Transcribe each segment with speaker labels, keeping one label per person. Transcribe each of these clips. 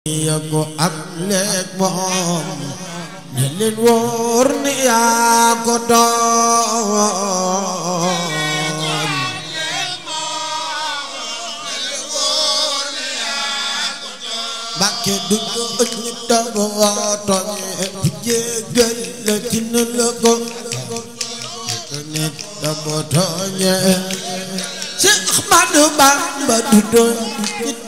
Speaker 1: ko ak leeg moom ne leen wóor ni yaa ko doon Mbàkke du jooj ni dama waatoon bu jéggal la dina la ko ne dama tooñe Cheikh Ahmadou Bamba du doon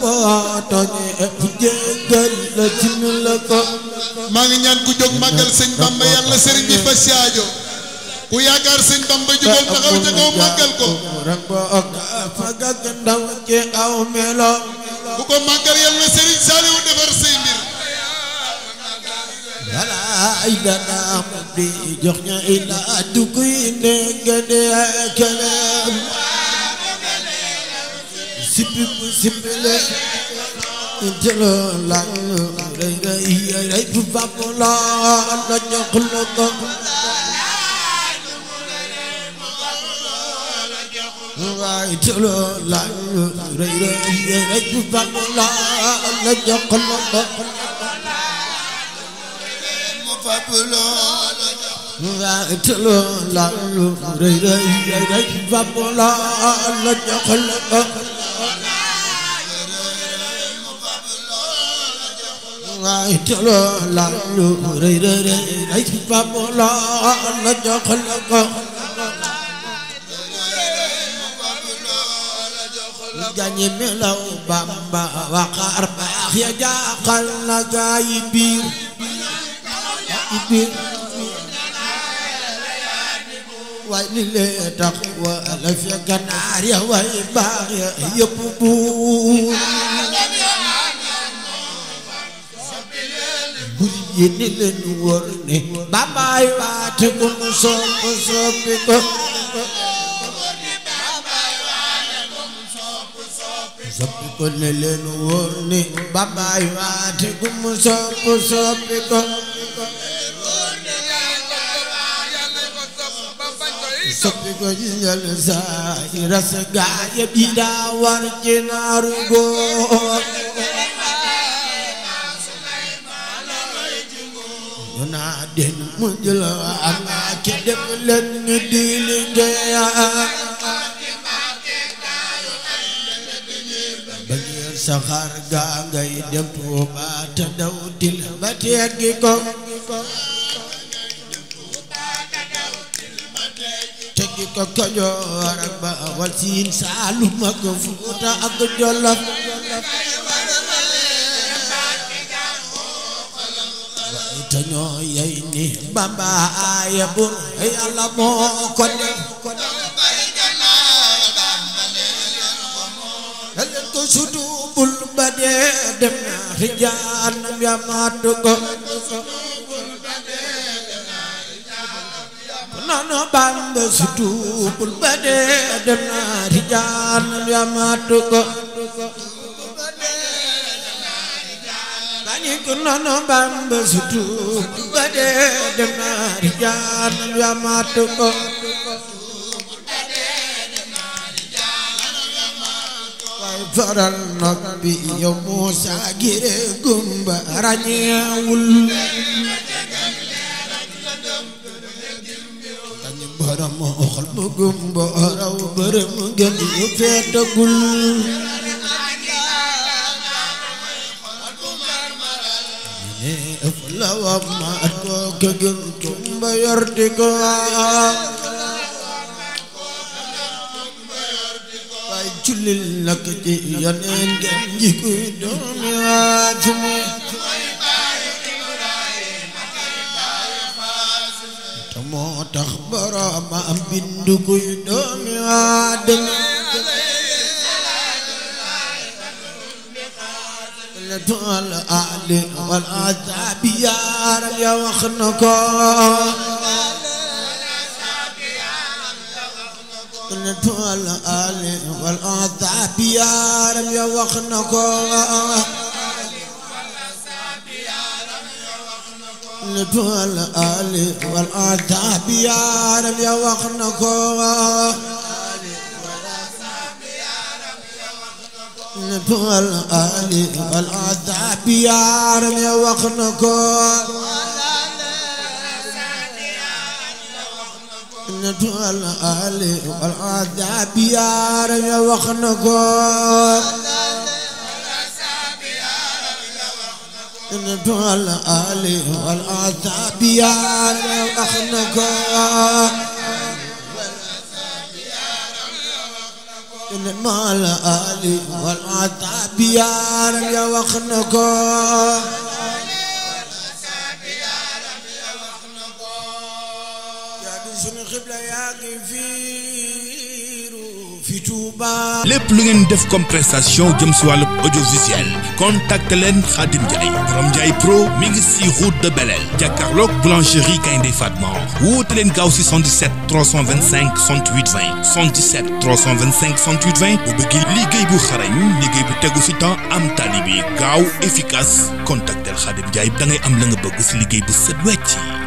Speaker 1: boo tooñee maa ngi ñaan ku jóg màggal sëñ Bamba yàlla sëriñ bi fa saajo ku yaakaar sëñ Bamba jógal taxaw ca kaw màggal ko rak bo ok fa gàgg ndaw ci aw melo ku ko màggal yàlla sëriñ Saliou defar say mbir wala ay dana am di jox ña ila dugg yi ne gëne sippi sippi leen jëloo laaj rey rey rey bu baax la na ñàkk la ko waaye jëloo laaj rey rey rey bu baax la na ñàkk la ko waaye jëloo laaj rey rey rey bu baax la na ñàkk la ko la lu rëy rëy ay Bamba la la jox la ko gañe melaw Bamba waxaar baax ya jaaxal na gaay biir biir waay li lee tax wala fi ganaar ya waay baax ya yëpp buur yi ni leen wóor ne bàmbaay waate ku mu sopp soppi ko soppi ko ne leen wóor ne bàmbaay waate ku mu sopp soppi ko soppi ko ci njël saa yi ras gaa yi bi daa war ci naaru góor ñu diligéey saxaar gaa ngay dem Tuuba te daw til ko teggi ko Kajoor ak Bawol Siin Saalum ak te ñoo yey ni bamba aaye bur yàlla moo ko def leen ko sutu bul ba dee dem na rijaanam ya maat ko nono bamba sutu bul ba dee dem na rijaanam ya maat ko ku noonu Bamba sutu ba dee dem na rijaanam yaa maatu ko waaye faral nag bi yow Muusa gire gumba ràññeewul kañu borom xol bu gumba raw borom gën yu feetagul ëf la wa maat ko këgër tumba yorti ko bay julil nak ci yoneen gen ji kuy doomi waajuma te moo tax borooma am bindu kuy doomi waadama لتو الأهل والعذاب يا رب يا وخنكو طول والعذاب يا رب يا وخنكم طول والعذاب يا رب يا وخنكم جنت والآل والعذاب يار يا وخنكو جنت والآل والعذاب يار يا وخنكو جنت والآل والعذاب يار يا وخنكو من المال والعتاب يا رب يا وخنكو يا يا lépp lu ngeen def comme jëm si wàllu audiovisuel contacte leen Khadim Ndiaye borom pro mi ngi si route de Belel jàkkaarloog boulangerie Gaynde Fatma woote leen gaaw si 77 325 68 20 77 325 68 20 bu bëggee liggéey bu xarañ liggéey bu tegu si temps am tali bi gaaw efficace contactel Khadim Ndiaye da ngay am la nga bëgg si liggéey bu set wecc